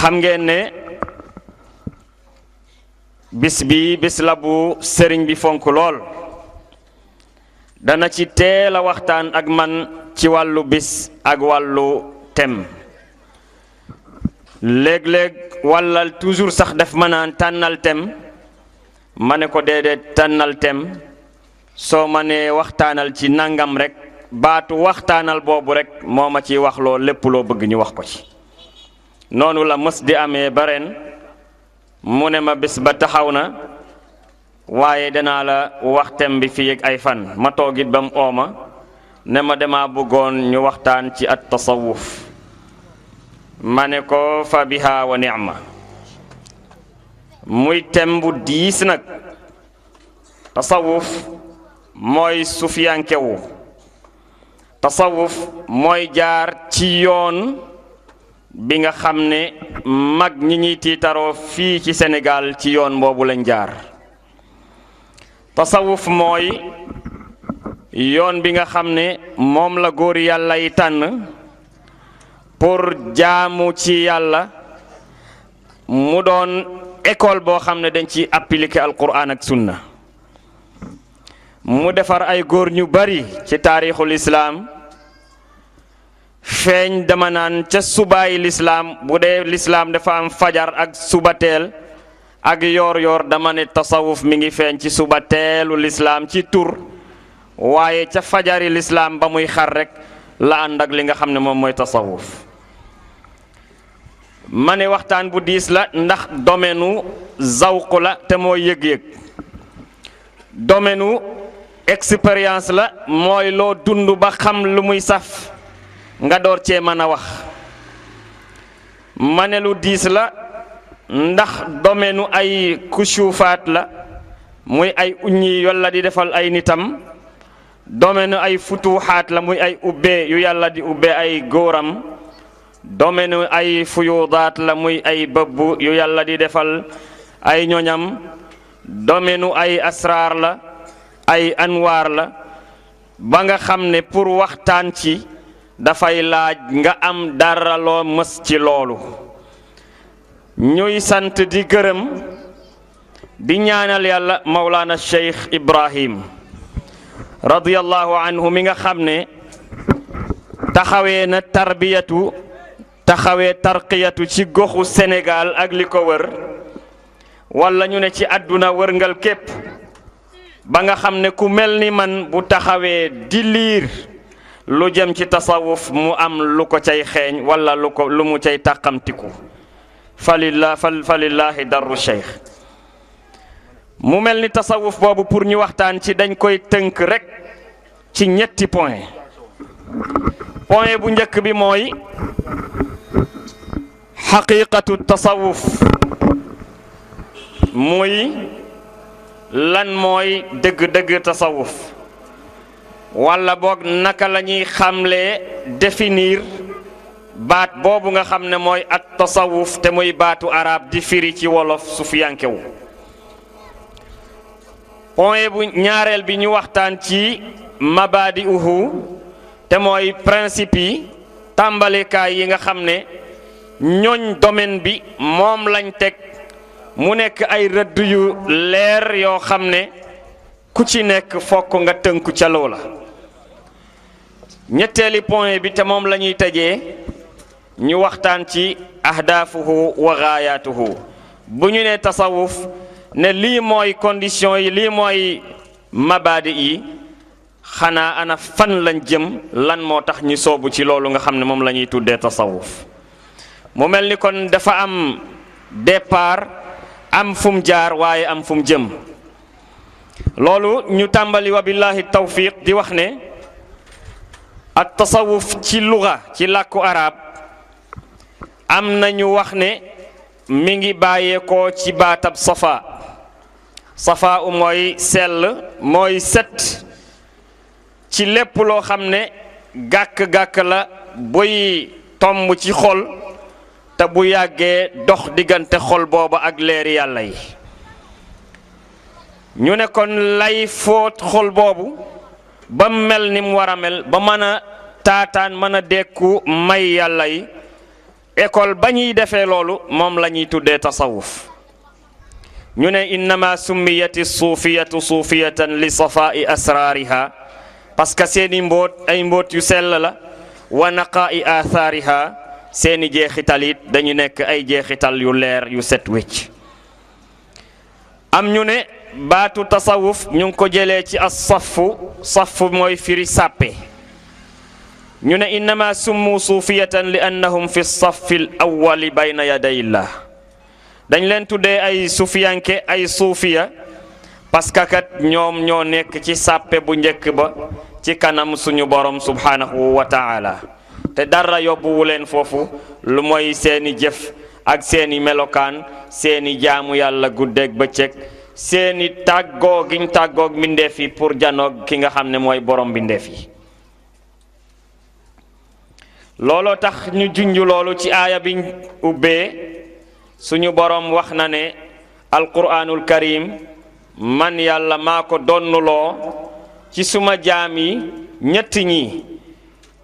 xam ngeen ne bis bi bis la bu sëriñ bi fonk lool dana ci teela waxtaan ak man ci wàllu bis ak wàllu tem léeg-léeg wàllal toujours sax daf ma naan tànnal tem ma ne ko déedéet tànnal tem soo ma nee waxtaanal ci nangam rekk baatu waxtaanal boobu rek moo ma ciy wax loo lépp loo bëgg ñu wax ko ci noonu la mës di amee ba mu ne ma bés ba taxaw na waaye danaa la waxtem bi fii ay fan ma toogit ba mu ooma ne ma dama bëggoon ñu waxtaan ci at tasawuf ma ne ko fa biha wa ni'ma muy tem diis nag tasawuf mooy sufiyankewu tasawuf mooy jaar ci yoon bi nga xam ne mag ñi ñuy tiitaroo fii ci Sénégal ci yoon boobu lañ jaar tasawuf mooy yoon bi nga xam ne moom la góor yàlla yi tànn pour jaamu ci yàlla mu doon école boo xam ne dañ ci appliquer alquran ak sunna mu defar ay góor ñu bari ci taarixul islaam feeñ dama naan ca subaayi lislaam bu dee lislaam dafa am fajar ak suba teel ak yoor-yoor dama ne tasawuf mi ngi feeñ ci suba teelu lislaam ci tur waaye ca fajari lislaam ba muy xar rekk la ànd ak li nga xam ne moom mooy tasawuf ma ne waxtaan bu diis la ndax domaine zawq la te mooy yëg-yëg domaine expérience la mooy loo dund ba xam lu muy saf nga door cee mën a wax ma diis la ndax domaine ay kusuufaat la muy ay uññi yàlla di defal ay nitam domaine ay futuuxaat la muy ay ubbee yu yàlla di ubbee ay góoram domaine ay fuyuudaat la muy ay bëbb yu yàlla di defal ay ñoñam domaine ay asraar la ay anwaar la ba nga xam ne pour waxtaan ci dafay laaj nga am dara loo mës ci loolu ñuy sant di gërëm di ñaanal yàlla Mawlana Cheikh Ibrahim radiyallahu anhu mi nga xam ne taxawee na tarbiyatu taxawee tarqiyatu ci goxu Sénégal ak li ko wër wala ñu ne ci àdduna wërngal képp ba nga xam ne ku mel ni man bu taxawee di liir lu jëm ci tasawuf mu am lu ko cay xeeñ wala lu ko lu mu cay tàqamtiku falillah falillaahi darru cheikh mu mel ni tasawuf boobu pour ñu waxtaan ci dañ koy tënk rekk ci ñetti point point bu njëkk bi mooy xaqiqatu tasawuf muy lan mooy dëgg-dëgg tasawuf walla boog naka la ñuy xamlee définir baat boobu nga xam ne mooy at tasawuf te muy baatu arab di firi ci wolof sufiyankewu point bu ñaareel bi ñu waxtaan ci mabadi uhu te mooy principe yi tàmbalekaay yi nga xam ne ñooñ domaine bi moom lañ teg mu nekk ay rëdd yu leer yoo xam ne ku ci nekk fokk nga tënku ca loola ñetteeli point bi te moom la ñuy tëjee ñu waxtaan ci ahdaafuhu wa gaayaatuhu bu ñu nee tasawuf ne lii mooy condition yi lii mooy mabaadi yi xanaa ana fan lañ jëm lan moo tax ñu soobu ci loolu nga xam ne moom la ñuy tuddee tasawuf mu mel ni kon dafa am départ am fum jaar waaye am fum jëm loolu ñu tàmbali wa billahi tawfiq di wax ne ak tasawuf ci luga ci làkku araab am nañu wax ne mi ngi bàyyeekoo ci baatab safa safa u mooy sell mooy set ci lépp loo xam ne gàkk-gàkk la buy tomb ci xol te bu yàggee dox diggante xol boobu ak leer yàlla yi ñu ne kon lay fóot xol boobu ba mel ni mu wara mel ba mën taataan mën a dekku may yàlla yi école ba ñuy defee loolu moom lañuy tuddee tasawuf ñu ne innama summiyati suufiyatu suufiyatan li safaai asraariha parce que seeni mbóot ay mbóot yu sell la wa naqaai athaariha seeni jeexital it dañu nekk ay jeexital yu leer yu set wécc am ñu ne baatu tasawuf ñu ko jëlee ci as safu safu mooy firi sàppe ñu ne innama summu suufiyatan li annahum fi safi l awali bayna yadayillah dañ leen tuddee ay suufiyanke ay suufiya parce que kat ñoom ñoo nekk ci sàppe bu njëkk ba ci kanam suñu borom subhaanahu wa taala te dara yóbbuwu leen foofu lu mooy seeni jëf ak seeni melokaan seeni jaamu yàlla ba bëccëg seeni tàggoo giñ tàggoog mbindeef yi pour janoog ki nga xam ne mooy borom mbindeef yi looloo tax ñu junj loolu ci aaya bi ubbee suñu borom wax na ne alquranul karim man yàlla maa ko donnuloo ci suma jaam yi ñett ñi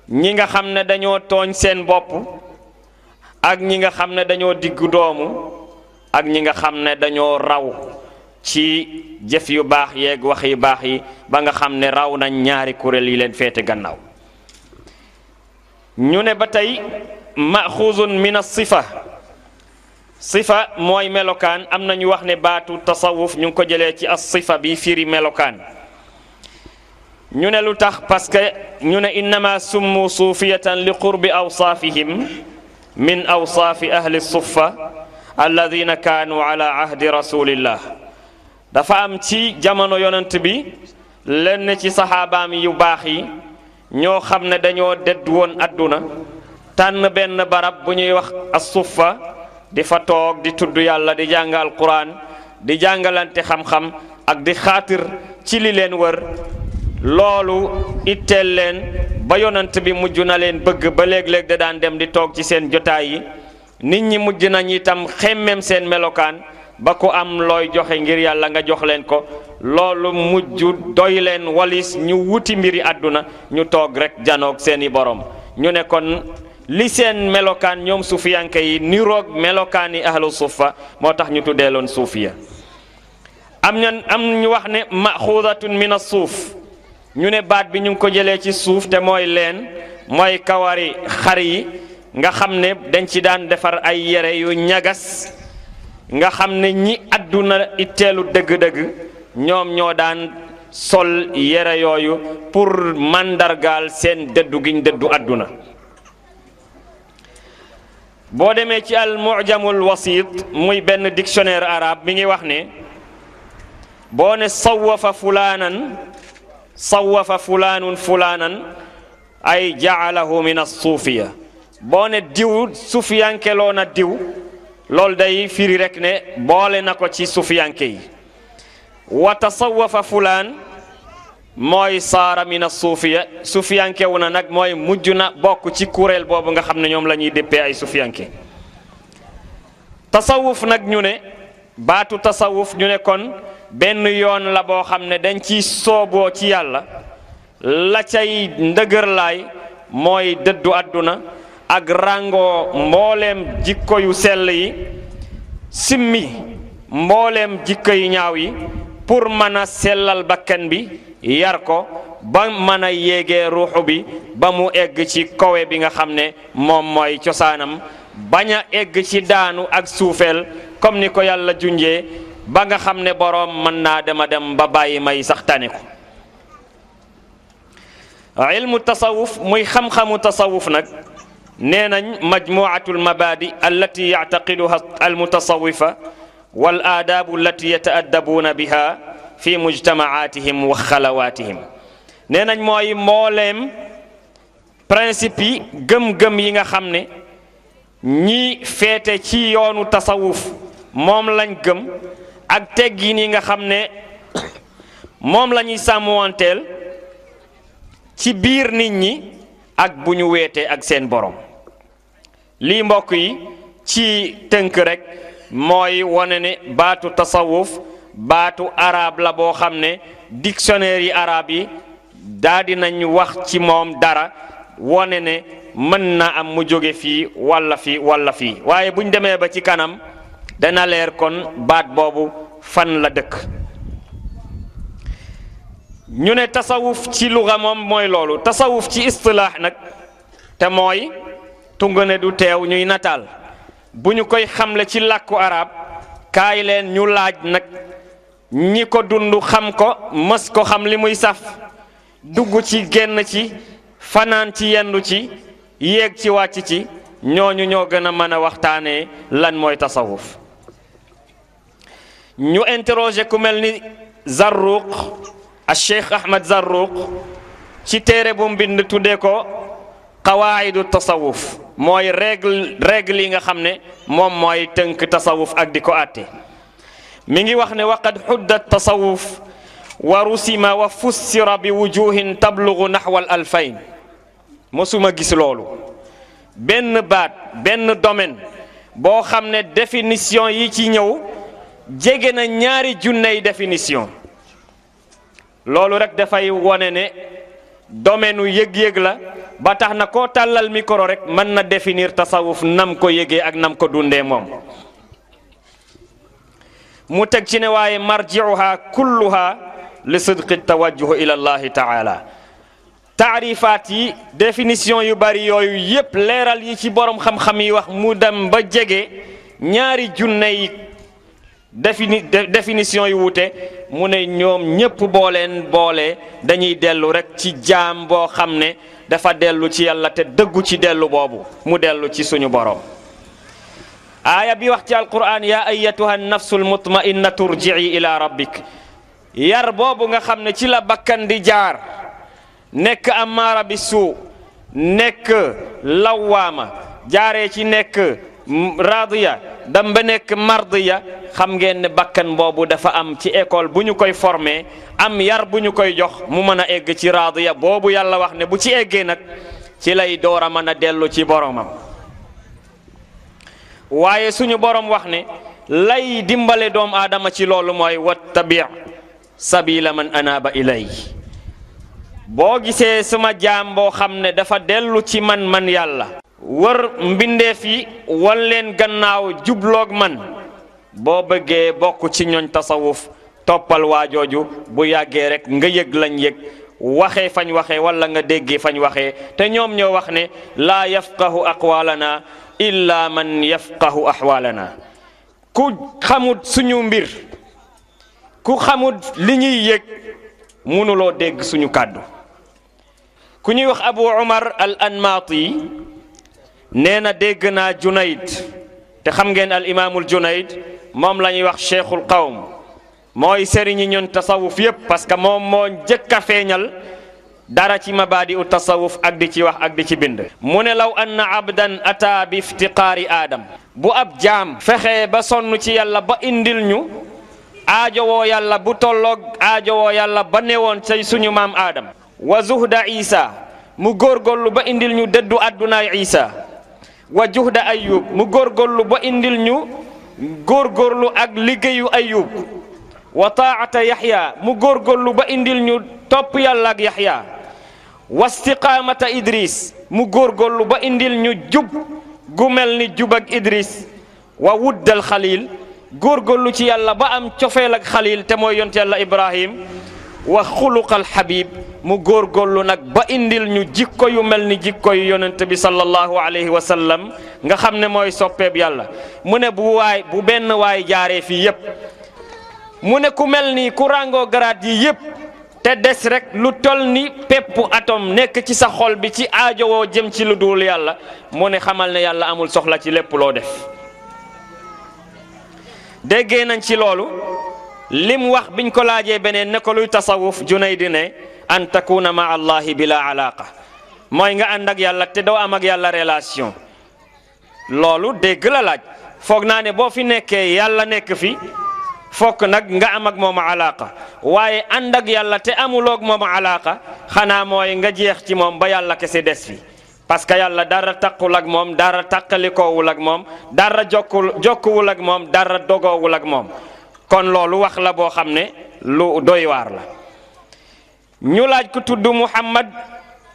ñi nga xam ne dañoo tooñ seen bopp ak ñi nga xam ne dañoo diggu doomu ak ñi nga xam ne dañoo raw ci jëf yu baax yeeg wax yu baax yi ba nga xam ne raw nañ ñaari kuréel yi leen féete gannaaw ñu ne ba tey maxuuzun min as-sifa sifa mooy melokaan am nañu wax ne baatu tasawuf ñu ngi ko jëlee ci as-sifa bi firi melokaan ñu ne lu tax parce que ñu ne innama summu suufiyatan li qurbi awsaafihim min awsaafi ahli suffa alladina kaanu ala dafa am ci jamono yonent bi lenn ci saxaabaam yu baax yi ñoo xam ne dañoo dedd woon àdduna tànn benn barab bu ñuy wax as-suffa di fa toog di tudd yàlla di jàng alquran di jàngalante xam-xam ak di xaatir ci li leen wër loolu itteel leen ba yonent bi mujj na leen bëgg ba léeg-léeg da daan dem di toog ci seen jotaay yi nit ñi mujj nañu itam xemmem seen melokaan ba ku am looy joxe ngir yàlla nga jox leen ko loolu mujj doy leen walis ñu wuti mbiri àdduna ñu toog rek janoog seeni borom ñu ne kon li seen melokaan ñoom suuf suufiyanke yi niroog melokaan yi ahlu suufa moo tax ñu tuddee loon ya am ñan am ñu wax ne maxuudatun min a suuf ñu ne baat bi ñu ko jëlee ci suuf te mooy leen mooy kawari xar yi nga xam ne dañ ci daan defar ay yére yu ñagas nga xam ne ñi àdduna itteelu dëgg-dëgg ñoom ñoo daan sol yére yooyu pour màndargaal seen dëddu giñ dëddu àdduna boo demee ci al mujamul muy benn dictionnaire arabe mi ngi wax ne boo ne sawafa fulaanan sawafa fulaanun fulaanan ay jaalahu min as suufiya boo ne diw suufiyankeloo na diw loolu day firi rek ne boole na ko ci sufiyanke yi wa tasawafa fulaan mooy saara na suufiya sufiyanke wu na nag mooy mujj na bokk ci kuréel boobu nga xam ne ñoom lañuy ñuy ay sufiyanke tasawuf nag ñu ne baatu tasawuf ñu ne kon benn yoon la boo xam ne dañ ci sooboo ci yàlla la cay ndëgërlaay mooy dëddu àdduna ak ràngoo mbooleem jikko yu sell yi simmi mbooleem jikko yu ñaaw yi pour mën a sellal bakkan bi yar ko ba mën a yéegee ruuxu bi ba mu egg ci kawe bi nga xam ne moom mooy cosaanam bañ a egg ci daanu ak suufeel comme ni ko yàlla junjee ba nga xam ne boroom mën naa dem a dem ba bàyyi may sax ko ilmu tasawuf muy xam-xamu tasawuf nag nee nañ majmuatu almabaadi allati yactaqiduha almutasawifa wal aadaabu allati yataaddabuuna biha fi mujtamaatihim wa xalawaatihim nee nañ mooy mbooleem principe yi gëm-gëm yi nga xam ne ñi féete ci yoonu tasawuf moom lañ gëm ak teggin yi nga xam ne moom lañuy ñuy ci biir nit ñi ak bu ñu weetee ak seen borom lii mbokk yi ci tënk rekk mooy wane ne baatu tasawuf baatu arab la boo xam ne dictionnaire yi arab yi daldi nañu wax ci moom dara wone ne mën na am mu jóge fii walla fi walla fii waaye buñ demee ba ci kanam dana leer kon baat boobu fan la dëkk ñu ne tasawuf ci luga moom mooy loolu tasawuf ci istilaax nag te mooy tungane du teew ñuy nataal bu ñu koy xamle ci làkku arab kaay leen ñu laaj nag ñi ko dund xam ko mës ko xam li muy saf dugg ci génn ci fanaan ci yendu ci yéeg ci wàcc ci ñooñu ñoo gën a mën a waxtaanee lan mooy tasawuf ñu interroger ku mel ni Zarruq ak Cheikh Ahmad Zarruq ci téere bu mbind tuddee ko qawaayidu tasawuf mooy règle règle yi nga xam ne moom mooy tënk tasawuf ak di ko àtte mu ngi wax ne waqad xuddat tasawuf wa rusima wa fussira bi wujuhin tablugu naxwal alfayn mosuma gis loolu benn baat benn domaine boo xam ne définition yi ci ñëw jege na ñaari junney définition loolu rek dafay wone ne domaine u yëg-yëg la ba tax na koo tàllal micro rek mën na definir tasawuf nam ko yëgee ak nam ko dundee moom mu teg ci ne waaye marjiuha kulluha li sidqi tawajjuhu ila allahi taala taarifaat yi définition yu bari yooyu yépp leeral yi ci borom xam-xam yi wax mu dem ba jege ñaari junne yi défini définition yi wuute mu ne ñoom ñépp boo boole dañuy dellu rekk ci jaam boo xam ne dafa dellu ci yàlla te dëggu ci dellu boobu mu dellu ci suñu boroom aaya bi wax ci alquran yaa ayatuha nafsul mutmainna turjii ila rabbik yar boobu nga xam ne ci la bakkan di jaar nekk amaara bi suu nekk lawwaama jaaree ci nekk raadiya dem ba nekk mard ya xam ngeen ne bakkan boobu dafa am ci école bu ñu koy formé am yar bu ñu koy jox mu mën a egg ci raadu ya boobu yàlla wax ne bu ci eggee nag ci lay door a mën a dellu ci boromam waaye suñu borom wax ne lay dimbale doomu aadama ci loolu mooy wat wattabi sabila man anaaba ilay boo gisee suma jaam boo xam ne dafa dellu ci man man yàlla wër mbindeef yi wan leen gannaaw jubloog man boo bëggee bokk ci ñooñ tasawuf toppal waa jooju bu yàggee rekk nga yëg lañ yëg waxee fañ waxee wala nga déggee fañ waxe te ñoom ñoo wax ne laa yafqahu aqwaalana illa man yafqahu ahwaalana ku xamut suñu mbir ku xamut li ñuy yëg mënuloo dégg suñu kàddu ku ñuy wax abu umar al anmaati nee na dégg naa Junayd te xam ngeen al imaamul Junayd moom la wax cheikhul kawm mooy sëriñi ñun tasawuf yépp parce que moom moo njëkk a feeñal dara ci mabaadi u tasawuf ak di ci wax ak di ci bind mu ne law anna abdan ata bi iftiqaari aadam bu ab jaam fexe ba sonn ci yàlla ba indil ñu aajowoo yàlla bu tolloog aajowoo yàlla ba newoon say suñu maam aadam wa zuhda isa mu góorgóorlu ba indil ñu dëddu addunaay isa wa juhda ayub mu góorgóorlu ba indil ñu góorgóorlu ak liggéeyu ayub wa taata yaxya mu góorgóorlu ba indil ñu topp yàlla yaxya wa istiqaamata idriis mu góorgóorlu ba indil ñu jub gu mel ni jubak ak idris wa wuddal xalil góorgóorlu ci yàlla ba am cofeel ak te mooy yont yàlla ibrahim wa xuluqal xabib mu góor góorgóorlu nag ba indil ñu jikko yu mel ni jikko yu yonent bi sallallahu alayhi wa nga xam ne mooy soppeeb yàlla mu ne bu waay bu benn waay jaaree fii yépp mu ne ku mel ni ku ràngoo garaat yi yépp te des rekk lu tol ni peppu atom nekk ci sa xol bi ci aajowoo jëm ci lu dul yàlla mu ne xamal ne yàlla amul soxla ci lépp loo def déggee nañ ci loolu lim wax biñ ko laajee beneen ne ko luy tasawuf Junayd ne an takuna ma allahi bila alaaqa mooy nga ànd ak yàlla te doo amak yàlla relation loolu dégg la laaj foog naa ne boo fi nekkee yàlla nekk fi fook nag nga am ak moom waaye àndak yàlla te amuloog moom alaaqa xanaa mooy nga jeex ci moom ba yàlla kese des fi parce que yàlla dara taqul ak moom dara taqalikoowul ak moom dara jokkul jokkuwul ak moom dara dogoowul ak moom kon loolu wax la boo xam ne lu doy waar la ñu laaj ku tudd Muhammad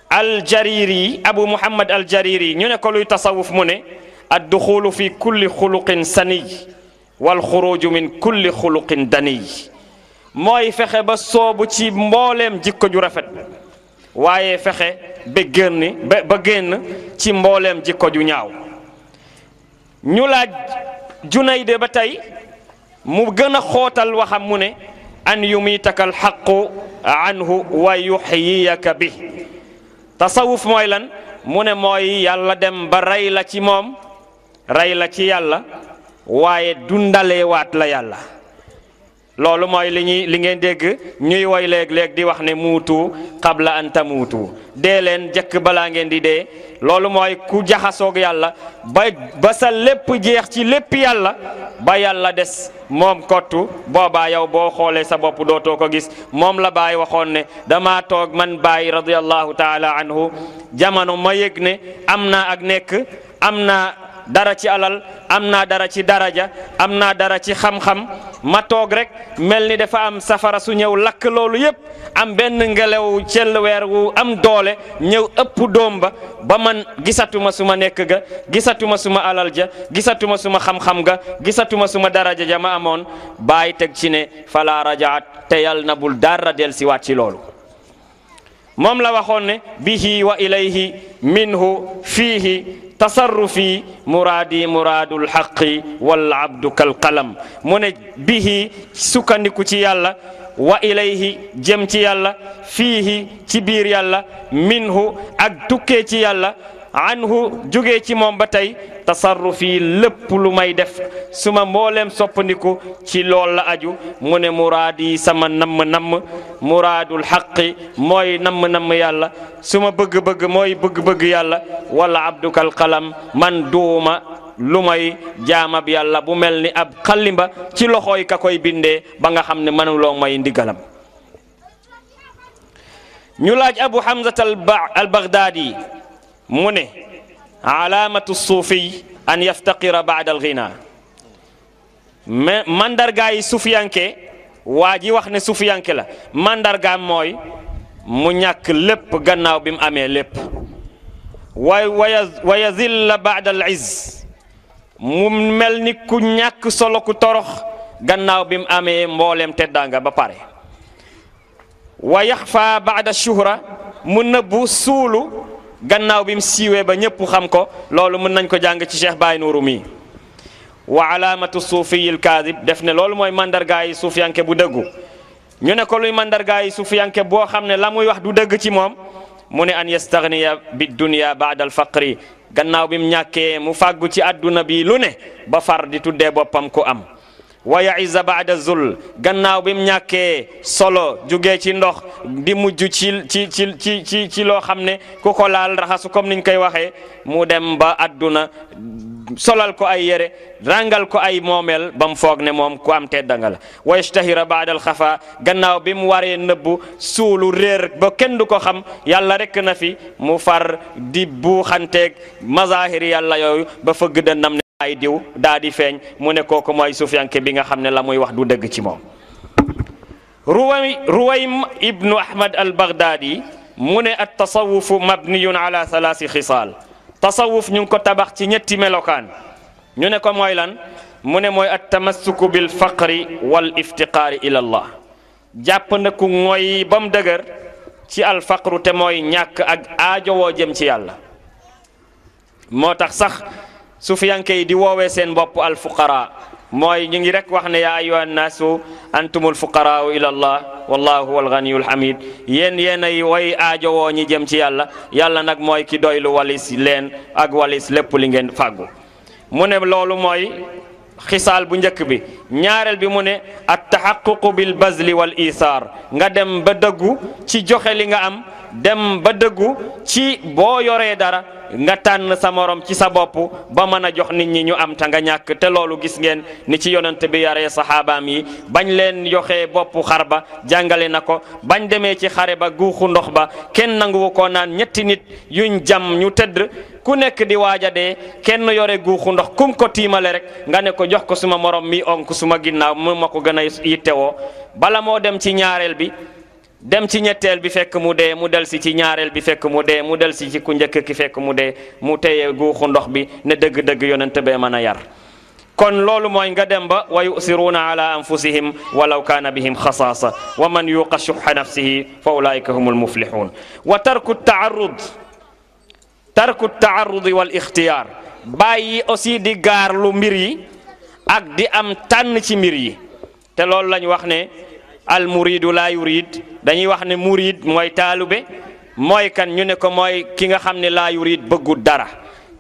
aljariri abu Muhammad aljariri ñu ne ko luy tasawuf mu ne ad duxulu fi kulli xuluqin saniy wal xuruju min kulli xuluqin daniy mooy fexe ba soobu ci mbooleem jikko ju rafet waaye fexe ba génn ci mbooleem jikko ju ñaaw ñu laaj Junayd ba tey mu gën a xootal waxam mu ne an yumiitaka alxaqu anhu wa yuxyiyaka bi tasawuf mooy lan mu ne mooy yàlla dem ba rey la ci moom rey la ci yàlla waaye dundalewaat la yàlla loolu mooy li ñuy li ngeen dégg ñuy woy léeg-léeg di wax ne muutu qabla an tamuutu dee leen jëkk balaa ngeen di dee loolu mooy ku jaxasoog yàlla ba ba sa lépp jeex ci lépp yàlla ba yàlla des moom kottu boobaa yow boo xoolee sa bopp dootoo ko gis moom la baay waxoon ne dama toog man baay radiyallahu taala anhu jamono ma yëg ne am naa ak nekk am naa dara ci alal am naa dara ci daraja am naa dara ci xam-xam ma toog rek mel ni dafa am safara su ñëw lakk loolu yépp am benn ngelaw cell weer wu am doole ñëw ëpp doom ba ba man gisatuma suma nekk ga gisatuma suma alal ja gisatuma suma xam-xam ga gisatuma suma daraja ja ma amoon bàyyi teg ci ne falaa rajaat te yal na bul dara del siwaat ci loolu moom la waxoon ne bihi wa ilayhi minhu fiihi tasarrufi muraadi muraadul xaqi wal abdu kal qalam mu ne bihi sukkandiku ci yàlla wa ilayhi jëm ci yàlla fiihi ci biir yàlla minhu ak tukkee ci yàlla anhu jógee ci moom ba tey tasarruf yi lépp lu may def su ma mbooleem soppandiku ci loola aju mu ne muraad sama namm-namm muraadul xaqi mooy namm-namm yàlla su ma bëgg-bëgg mooy bëgg-bëgg yàlla wala abdukal qalam man duuma lu may jaamab yàlla bu mel ni ab xalimba ci loxooy ka koy bindee ba nga xam ne mënuloo may ndigalam ñu laaj abu hamzat al baghdadi mu ne alaamatu suufiy an yaftaqira baada alghina mais mandarga yi sufiyanke waa ji wax ne sufiyanke la mandargaam mooy mu ñàkk lépp gannaaw bi mu amee lépp way wa yazilla baada al izz mu mel ni ku ñàkk solo ku torox gannaaw bi mu amee mboolem teddaanga ba pare wa yaxfa baada shuhra mu nëbbu suulu gannaaw bi mu siiwee ba ñëpp xam ko loolu mën nañ ko jàng ci Cheikh Baye Nourou mi wa alaamatu suufiyil kaadib def ne loolu mooy mandargaa yi suufiyanke bu dëggu ñu ne ko luy mandargaa yi suufiyanke boo xam ne la muy wax du dëgg ci moom mu ne an yastagniya bi dunya baadal al faqri gannaaw bi mu ñàkkee mu fàggu ci àdduna bi lu ne ba far di tuddee boppam ku am waya yaisa baada zul gannaaw bi mu ñàkkee solo jugee ci ndox di mujj ci ci ci ci ci ci loo xam ne ku ko laal raxasu comme niñ koy waxee mu dem ba adduna solal ko ay yére rangal ko ay moomeel ba mu foog ne moom ku am teddanga la wa yashtahira baadal xafa gannaaw bi mu waree nëbbu suulu réer ba kenn du ko xam yàlla rek na fi mu far di buuxanteeg mazahiri yàlla yooyu ba fëgg dënnam ay diw daa di feeñ mu ne kooku mooy sufiyanke bi nga xam ne la muy wax du dëgg ci moom ruway ruwaym ibnu ahmad al baghdadi mu ne at tasawufu mabniyun ala thalaasi xisaal tasawuf ñu ngi ko tabax ci ñetti melokaan ñu ne ko mooy lan mu ne mooy at tamassuku bil faqri wal iftiqaari ila na ku mooy ba mu ci al faqru te ñàkk ak aajowoo jëm ci yàlla moo tax sax sufiyanke yi di woowee seen bopp al fuqara mooy ñu ngi rek wax ne yaa ayuha annaasu antumul fuqaraau ila allah wallahu wal ganiyul hamid yéen yéen ay way aajowoo ñi jëm ci yàlla yàlla nag mooy ki doylu walis leen ak walis lépp li ngeen fàggu mu ne loolu mooy xisaal bu njëkk bi ñaareel bi mu ne at taxaququ bil bazli nga dem ba dëggu ci joxe li nga am dem ba dëggu ci boo yoree dara nga tànn sa morom ci sa bopp ba mën a jox nit ñi ñu am ta nga ñàkk te loolu gis ngeen ni ci yonent bi yaree saxaabaam yi bañ leen yoxee bopp xar ba jàngale na ko bañ demee ci xare ba guuxu ndox ba kenn nanguwu ko naan ñetti nit yuñ jam ñu tëdd ku nekk di waaja de kenn yore guuxu ndox kum ko tiimale rek nga ne ko jox ko suma morom mi onk suma ginnaaw mu ma ko gën a yittewoo bala moo dem ci ñaareel bi dem ci ñetteel bi fekk mu dee mu del si ci ñaareel bi fekk mu dee mu del si ci ku njëkk ki fekk mu dee mu téye guuxu ndox bi na dëgg-dëgg yonent bee mën a yar kon loolu mooy nga dem ba wa yusiruuna ala anfusihim walaw kaana bihim xasaasa wa man yuqa shuxa nafsihi fa ulaika humul muflixuun wa tarku taarud tarku taarudi wal ixtiyaar bàyyi aussi di gaar lu mbir yi ak di am tànn ci mbir yi te loolu lañ wax ne al muridu laa dañuy wax ne murid mooy taalube mooy kan ñu ne ko mooy ki nga xam ne laa yurid bëggut dara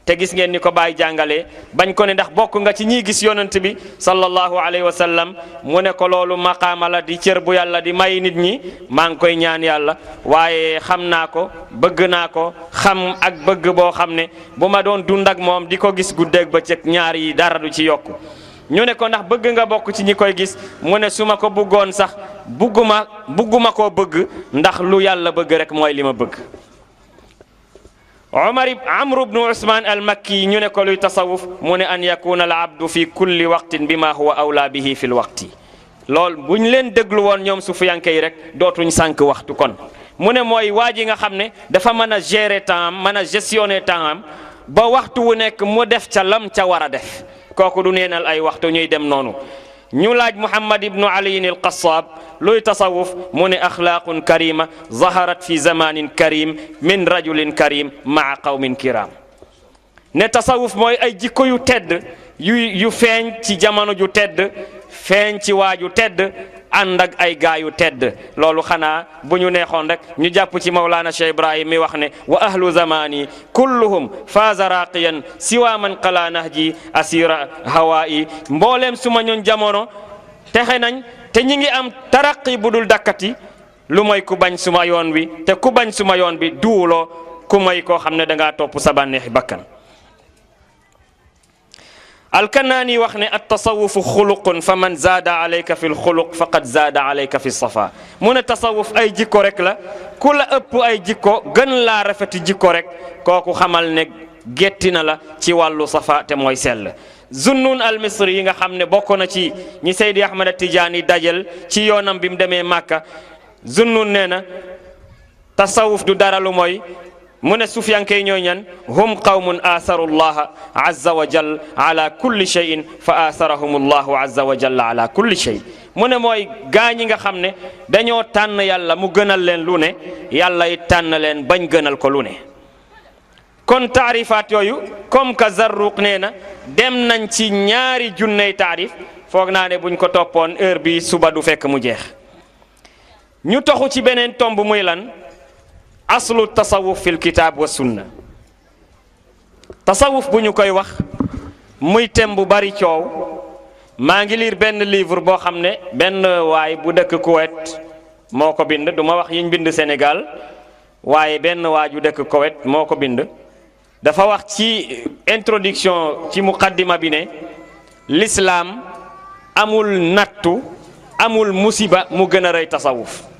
te gis ngeen ni ko bàyyi jàngalee bañ ko ne ndax bokk nga ci ñiy gis yonent bi sallallahu alayhi wa sallam mu ne ko loolu maqaama la di cër bu yàlla di may nit ñi maa ngi koy ñaan yàlla waaye xam naa ko bëgg naa ko xam ak bëgg boo xam ne bu ma doon dund ak moom di ko gis guddeeg bëccëg ñaar yi dara du ci yokku ñu ne ko ndax bëgg nga bokk ci ñi koy gis mu ne su ma ko bëggoon sax bugguma bugguma koo bëgg ndax lu yàlla bëgg rek mooy li ma bëgg Omar Amr ibnu Usman al Makki ñu ne ko luy tasawuf mu ne an yakuna al abdu fi kulli bi ma huwa awla bi fi l waqti lool bu ñu leen déglu woon ñoom sufiyanke yi rek dootuñ sànk waxtu kon mu ne mooy waa ji nga xam ne dafa mën a gérer temps mën a gestionner temps am ba waxtu wu nekk mu def ca lam ca war a def kooku du neenal ay waxtu ñuy dem noonu ñu laaj muhammad ibnu aliyin al qassab luy tasawuf mu ne axlaaqun karima zaharat fi zamanin karim min rajulin karim maa qawmin kiram ne tasawuf mooy ay jikko yu tedd yu yu feeñ ci jamono ju tedd feeñ ci waaju tedd ànd ak ay gaayu tedd loolu xanaa bu ñu neexoon rek ñu jàpp ci mawlaana cheikh ibrahim mi wax ne wa ahlu zamani kulluhum faaza raqiyan siwa man qala ji asira hawaa'i mbooleem suma ñun jamono texe nañ te ñi ngi am taraqi bu dul dakkati lu mooy ku bañ suma yoon wi te ku bañ suma yoon bi duuloo ku mooy koo xam ne dangaa topp sa bànneexi bakkan alkanaani wax ne at tasawufu xuluqun fa man zaada alayka fi lxuluq faqad zaada alayka fi safa mu ne tasawuf ay jikko rek la ku la ëpp ay jikko gën laa rafeti jikko rek kooku xamal ne getti na la ci wàllu safa te mooy sell zunnun almisri yi nga xam ne bokk na ci ñi Seydi Ahmad Tijaani dajal ci yoonam bi mu demee Màkka zunnun nee na tasawuf du dara lu mooy mu ne sufiyankey ñooy ñan hum qawmun asaru llaha azza wa jal ala kulli cheyin fa asarahum llahu azza wa jalla ala kulli chey mu ne mooy gaa ñi nga xam ne dañoo tànn yàlla mu gënal leen lu ne yàlla it tànn leen bañ gënal ko lu ne kon taarifaat yooyu comme que zarruq nee na dem nañ ci ñaari junney taarif foog naa ne buñ ko toppoon heure bi suba du fekk mu jeex ñu toxu ci beneen tomb muy lan aslu tasawuf fil kitaab wa sunna tasawuf bu ñu koy wax muy tem bu bari coow maa ngi liir benn livre boo xam ne benn waay bu dëkk Kuwait moo ko bind du wax yiñ bind senegal waaye benn waaju dëkk Kuwait moo ko bind dafa wax ci introduction ci muqaddima bi ne lislaam amul nattu amul musiba mu gën a rëy tasawuf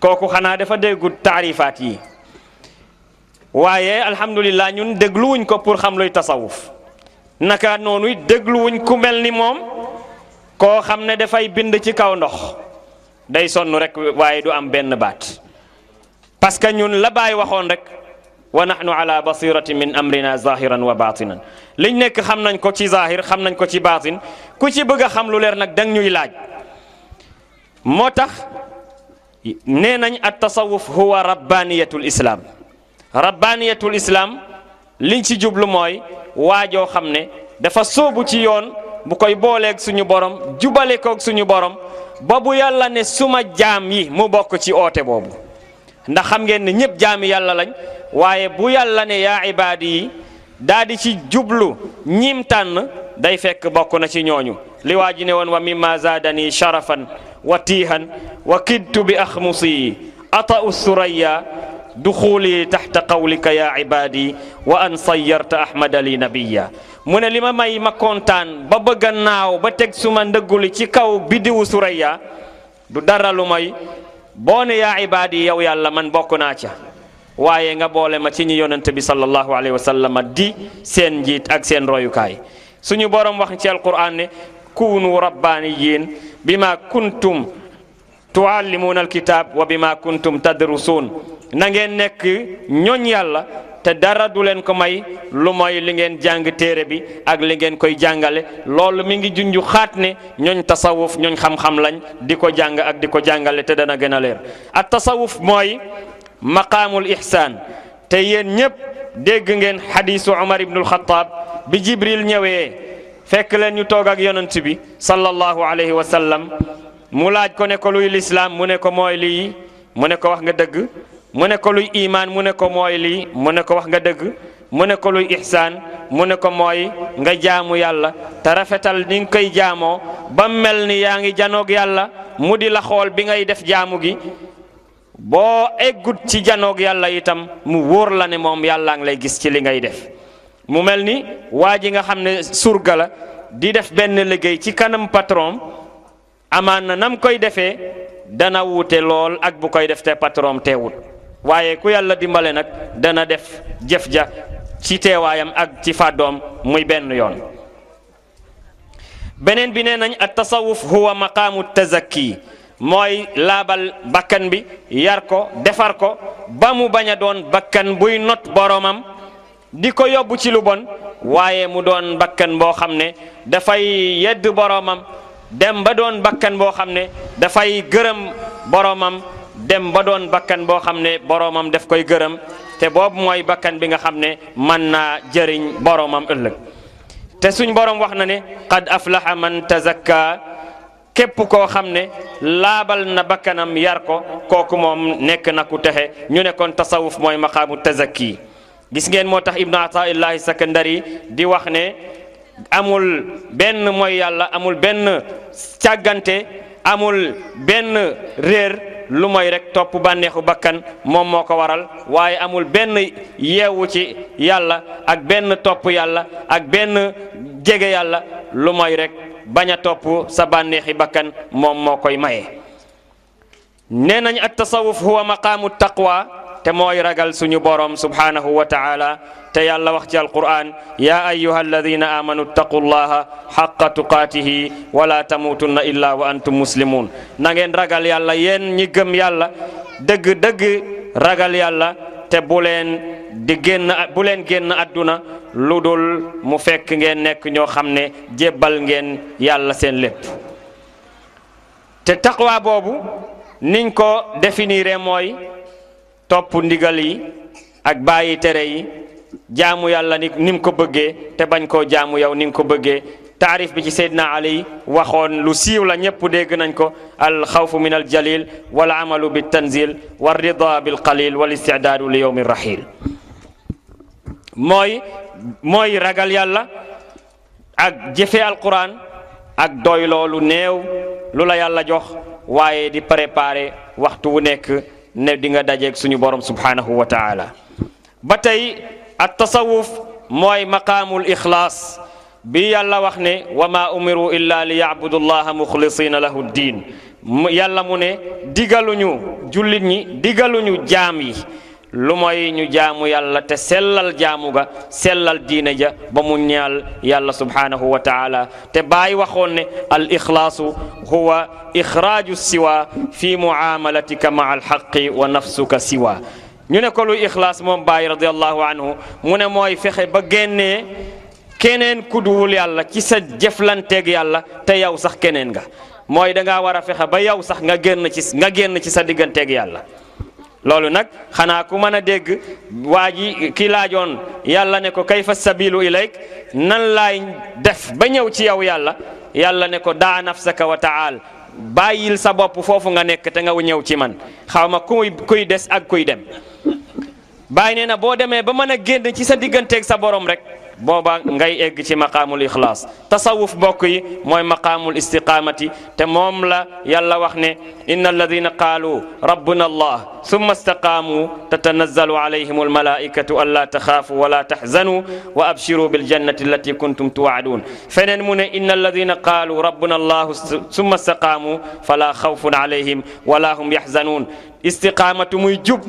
kooku xanaa dafa déggut taarifaat yi waaye alhamdulilah ñun dégluwuñ ko pour xam luy tasawuf naka noonu dégluwuñ ku mel ni moom koo xam ne dafay bind ci kaw ndox day sonn rek waaye du am benn baat parce que ñun la Baay waxoon rek wa nahnu ala basirati min amrina zahiran wa batinan liñ nekk xam nañ ko ci zahir xam nañ ko ci batin ku ci bëgg a xam lu leer nag dang ñuy laaj moo tax nee nañ at tasawuf huwa rabbaniyatul islaam rabbaniyatul islaam liñ ci jublu mooy waajoo xam ne dafa sóobu ci yoon bu koy booleeg suñu borom jubale koog suñu borom ba bu yàlla ne suma jaam yi mu bokk ci oote boobu ndax xam ngeen ne ñëpp jaami yàlla lañ waaye bu yàlla ne yaa ibaadi yi daa di ci jublu ñim tànn day fekk bokk na ci ñooñu li ne woon wa mimma zaadani sharafan وتيها وكدت بأخمصي أطأ الثريا دخولي تحت قولك يا عبادي وأن صيرت أحمد لي نبيا mu ne li ma may ma kontaan ba bëgg a naaw ba teg suma ndëgguli ci kaw biddiwu suraya du dara lu may boone ne yaa ibaadi yow yàlla man bokk naa ca waaye nga boole ma ci ñi yonent bi sallallahu alayhi wa sallam di seen njiit ak seen royukaay borom wax ci alquran ne kunu rabbaniyin bima kuntum tuallimuna alkitab wa bima kuntum tadrusun na nekk ñooñ yàlla te dara du leen ko may lu mooy li ngeen jàng téere bi ak li ngeen koy jàngale lool mi ngi junju xaat ne ñooñ tasawuf ñooñ xam-xam lañ di ko jàng ak di ko jàngale te dana gën a leer ak tasawuf mooy maqaamul ihsaan te yéen ñépp dégg ngeen xadiisu Umar ibnul Xattaab bi Jibril ñëwee fekk leen ñu toog ak yonent bi sallallahu alayhi wa sallam mu laaj ko ne ko luy lislaam mu ne ko mooy lii mu ne ko wax nga dëgg mu ne ko luy imaan mu ne ko mooy lii mu ne ko wax nga dëgg mu ne ko luy ihsaan mu ne ko mooy nga jaamu yàlla te rafetal ni nga koy jaamoo ba mel ni yaa ngi janoog yàlla mu di la xool bi ngay def jaamu gi boo eggut ci janoog yàlla itam mu wóor la ne moom yàllaa ngi lay gis ci li ngay def mu mel ni waa ji nga xam ne surga la di def benn liggéey ci kanam patron amaan na nam koy defee dana wuute lool ak bu koy def te patron teewul waaye ku yàlla dimbale nag dana def jëf ja ci teewaayam ak ci fàddoom muy benn yoon beneen bi nee nañ at tasawuf huwa maqaamu tazakki mooy laabal bakkan bi yar ko defar ko ba mu bañ a doon bakkan buy not boromam di ko yóbbu ci lu bon waaye mu doon bakkan boo xam ne dafay yedd boroomam dem ba doon bakkan boo xam ne dafay gërëm boroomam dem ba doon bakkan boo xam ne boroomam daf koy gërëm te boobu mooy bakkan bi nga xam ne mën naa jëriñ boroomam ëllëg te suñ boroom wax na ne qad aflaha man tazakka képp koo xam ne laabal na bakkanam yar ko kooku moom nekk na ku texe ñu ne kon tasawuf mooy maqaamu tazakki gis ngeen moo tax ibnu ataillahi sakandari di wax ne amul benn mooy yàlla amul benn càggante amul benn réer lu mooy rekk topp bànneexu bakkan moom moo ko waral waaye amul benn yeewu ci yàlla ak benn topp yàlla ak benn jege yàlla lu mooy rekk baña topp sa bànneexi bakkan moom moo koy maye nee nañ at tasawuf huwa maqaamu taqwa te mooy ragal suñu borom subhaanahu wa taala te yàlla wax ci alquran yaa ayuha alladina amanu ttaqu llaha xaqa tuqaatihi wala tamuutunna illa wa antum muslimun nangeen ragal yàlla yéen ñi gëm yàlla dëgg-dëgg ragal yàlla te bu leen di génn bu leen génn àdduna lu dul mu fekk ngeen nekk ñoo xam ne jébbal ngeen yàlla seen lépp te taqwa boobu niñ ko mooy topp ndigal yi ak bàyyi tere yi jaamu yàlla ni ni ko bëggee te bañ koo jaamu yow ni nga ko bëggee taarif bi ci Seydina Ali waxoon lu siiw la ñëpp dégg nañ ko al xawfu min al jalil wal amalu bi tanzil war rida bil qalil wal istidaadu li yowmi rahil mooy ragal yàlla ak jëfe alquran ak doylo lu néew lu la yàlla jox waaye di préparer waxtu wu nekk ne di nga dajeeg suñu borom subhanahu wa taala ba tey at tasawuf mooy maqaamul ixlaas bi yàlla wax ne wa maa umiru illa li yacbudu llaha muxlisina lahu diin yàlla mu ne digaluñu jullit ñi digaluñu jaam yi lu moy ñu jaamu yàlla te sellal jaamu ga sellal diine ja ba mu ñaal yàlla subhaanahu wa taala te baay waxoon ne al ixlaasu huwa ixraaju siwa fi muamalatika maa alxaqi wa siwa ñu ne ko luy ixlaas moom baay radiallahu anhu mu ne mooy fexe ba génnee keneen kuduwul duwul yàlla ci sa jëflanteeg yàlla te yow sax keneen nga mooy da ngaa war a fexe ba yow sax nga génn ci nga génn ci sa digganteeg yàlla loolu nag xanaa ku mën a dégg waa ji ki laajoon yàlla ne ko kayfa sabilu ilayk nan laay def ba ñëw ci yow yàlla yàlla ne ko daanaf sa wa bàyyil sa bopp foofu nga nekk te nga ñëw ci man xaw ma kuy kuy des ak kuy dem bàyyi nee na boo demee ba mën a génn ci sa digganteeg sa borom rek booba ngay egg ci maqaamul ixlaas tasawuf mbokk yi mooy maqaamul istiqaamati te moom la yàlla wax ne inna alladina qaalu rabbuna allah summa istaqaamu tatanazzalu alayhim almalaikatu an laa wala taxzanu wa abshiru biljannati allati kuntum tuwaaduun feneen mu ne inna alladina qaalu rabbuna allahu summa istaqaamu falaa xawfun alayhim wala hum yaxzanuun istiqaamatu muy jub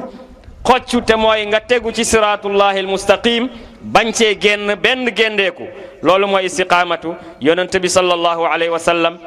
xoccu te mooy nga tegu ci siraatullahi almustaqim bañ cee génn benn géndeeku loolu mooy istiqaamatu yonent bi sallallahu alayhi wa sallam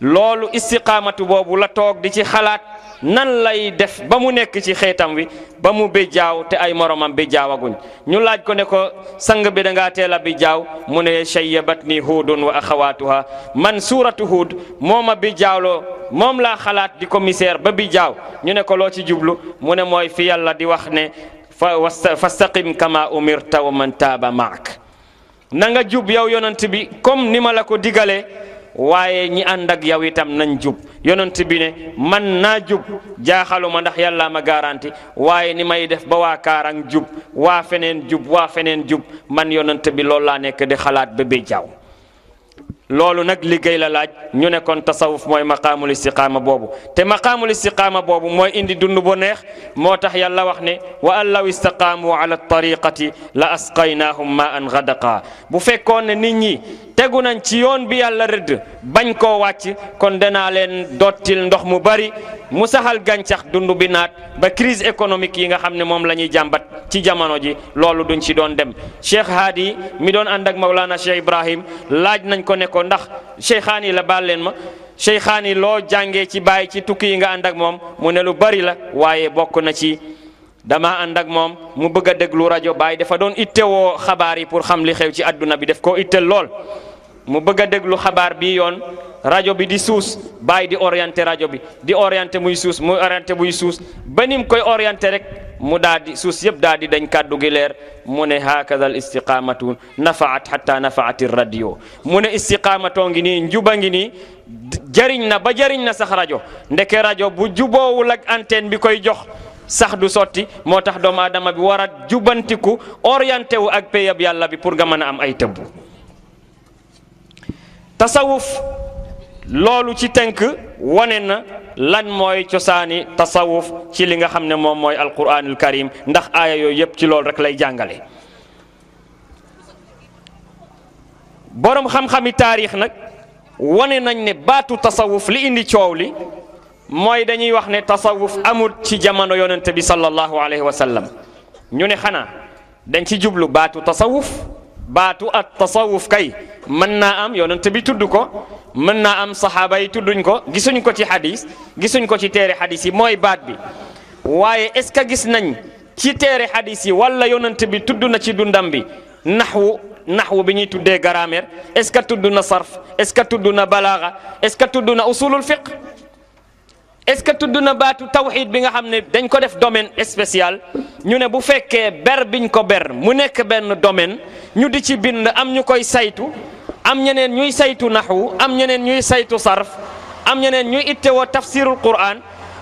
loolu istiqaamatu boobu la toog di ci xalaat nan lay def ba mu nekk ci xeetam wi ba mu bi jaaw te ay moromam bi jaawaguñ ñu laaj ko ne ko sang bi da ngaa teel a bi jaaw mu ne shayyabat ni huudun wa axawaatuha man suuratu huud mooma bi jaawloo moom laa xalaat di commissaire ba bi jaaw ñu ne ko loo ci jublu mu ne mooy fi yàlla di wax ne fastaqim kama umirta wa man taaba maak na nga jub yow yonant bi comme ni ma la ko digalee waaye ñi ànd ak yow itam nañ jub yonant bi ne man naa jub jaaxaluma ndax yàlla ma garanti waaye ni may def ba waa Kaarang jub waa feneen jub waa feneen jub man yonent bi loolu laa nekk di xalaat ba bee jaaw loolu nag liggéey la laaj ñu ne kon tasawuf mooy maqaamul istiqaama boobu te maqaamul istiqaama boobu mooy indi dund bu neex moo tax yàlla wax ne wa an law istaqaamu ala tariqati la asqaynaahum ma an gadaqa bu fekkoon ne nit tegu nañ ci yoon bi yàlla rëdd bañ koo wàcc kon danaa leen dottil ndox mu bari mu saxal gàncax dund bi naat ba crise économique yi nga xam ne moom la ñuy jàmbat ci jamono ji loolu duñ ci doon dem Cheikh Hadi mi doon ànd ak Maulana Cheikh Ibrahim laaj nañ ko ne ndax cheikhaan yi la baal leen ma cheikhaan yi loo jàngee ci bàyyi ci tukki yi nga ànd ak moom mu ne lu bari la waaye bokk na ci dama ànd ak moom mu bëgg a déglu rajo Baye dafa doon ittewoo xabaar yi pour xam li xew ci àdduna bi def koo ittel lool mu bëgg a déglu xabaar bi yoon rajo bi di suus bàyyi di orienté rajo bi di orienté muy suus muy orienté buy suus ba ni mu koy orienté rek mu daal di suus yëpp daal di dañ kàddu gi leer mu ne hakada al istiqaamatu nafaat hatta nafaat radio mu ne istiqaamatoo ngi nii njuba ngi nii jariñ na ba jariñ na sax rajo ndeke rajo bu juboowul ak antenne bi koy jox sax du sotti moo tax doomu aadama bi war a jubantiku orienté wu ak payab yàlla bi pour nga mën a am ay tëbb tasawuf loolu ci tënk wane na lan mooy cosaani tasawuf ci li nga xam ne moom mooy alquranul karim ndax aaya yooyu yëpp ci loolu rek lay jàngale boroom xam-xami taarix nag wane nañ ne baatu tasawuf li indi coow li mooy dañuy wax ne tasawuf amul ci jamono yonente bi sallallahu alayhi wa ñu ne xanaa dañ ci jublu baatu tasawuf baatu at tasawuf kay mën naa am yonent bi tudd ko mën naa am saxaaba yi tudduñ ko gisuñ ko ci xadis gisuñ ko ci téere xadis yi mooy baat bi waaye est-ce que gis nañ ci téere xadis yi wala yonent bi tudd na ci dundam bi naxwu naxwu bi ñuy tuddee grammaire est-ce que tudd na sarf est-ce que tudd na balaaga est-ce que tudd na usulul fiqh est-ce que tudd na baatu tawxid bi nga xam ne dañ ko def domaine spécial ñu ne bu fekkee ber biñ ko ber mu nekk benn domaine ñu di ci bind am ñu koy saytu am ñeneen ñuy saytu naxwu am ñeneen ñuy saytu sarf am ñeneen ñuy ittewoo tafsirul qur'an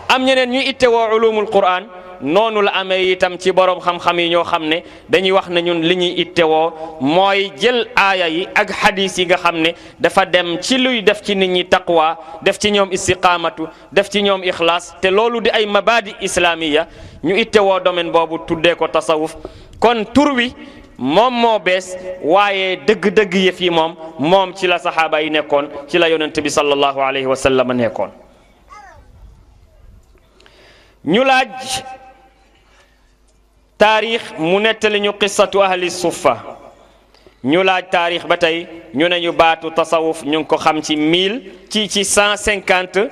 am ñeneen ñuy ittewoo ulumul qur'an noonu la amee itam ci boroom xam-xam yi ñoo xam ne dañuy wax ne ñun li ñuy ittewoo mooy jël aaya yi ak hadis yi nga xam ne dafa dem ci luy def ci nit ñi taqwa def ci ñoom istiqaamatu def ci ñoom ixlaas te loolu di ay mabadi islamiya ñu ittewoo domaine boobu tuddee ko tasawuf kon tur moom moo bees waaye dëgg-dëgg yëf yi moom moom ci la saxaaba yi nekkoon ci la yonent bi sallallahu alayhi wa sallam nekkoon ñu laaj taarix mu nettali ñu qissatu ahli suffa ñu laaj taarix ba tey ñu ne ñu baatu tasawuf ñu ngi ko xam ci mille ci ci cent cinquante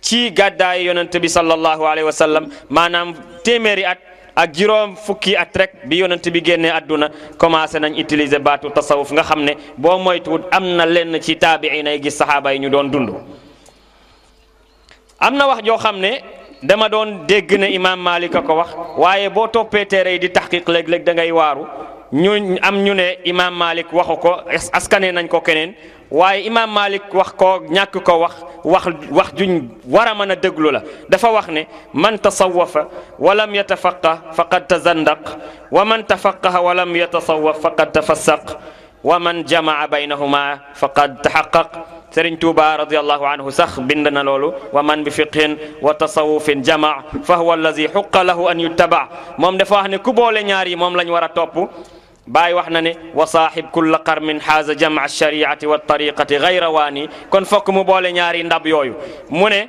ci gàddaayu yonent bi sallallahu alayhi wa maanaam téeméeri at. ak juróom fukki at rek bi yonent bi génnee àdduna commencé nañ utiliser baatu tasawuf nga xam ne boo moytuwul am na lenn ci taabiin ay gis saxaaba yi ñu doon dund. am na wax joo xam ne dama doon dégg ne imaam Malik a ko wax waaye boo toppee téere yi di tax léeg-léeg da ngay waaru ñu am ñu ne imaam Malik waxu ko askane nañ ko keneen. waaye imaam Malik wax ko ñàkk ko wax wax wax juñ war a mën a déglu la dafa wax ne man tasawwafa wa lam yatafaqah faqad tazandaq wa man tafaqaha wa lam yatasawwaf faqad tafassaq wa man jamaa baynahuma faqad taxaqaq Sëriñ Tuuba radiallahu anhu sax bind na loolu wa man bi fiqhin wa tasawufin jamaa fa huwa allazi moom dafa ku boole ñaar yi moom lañ war a topp baay wax na ne wa saaxib kulla qarmin xaaza jamaa shariati wa kon fokk mu boole ñaari ndab yooyu mu ne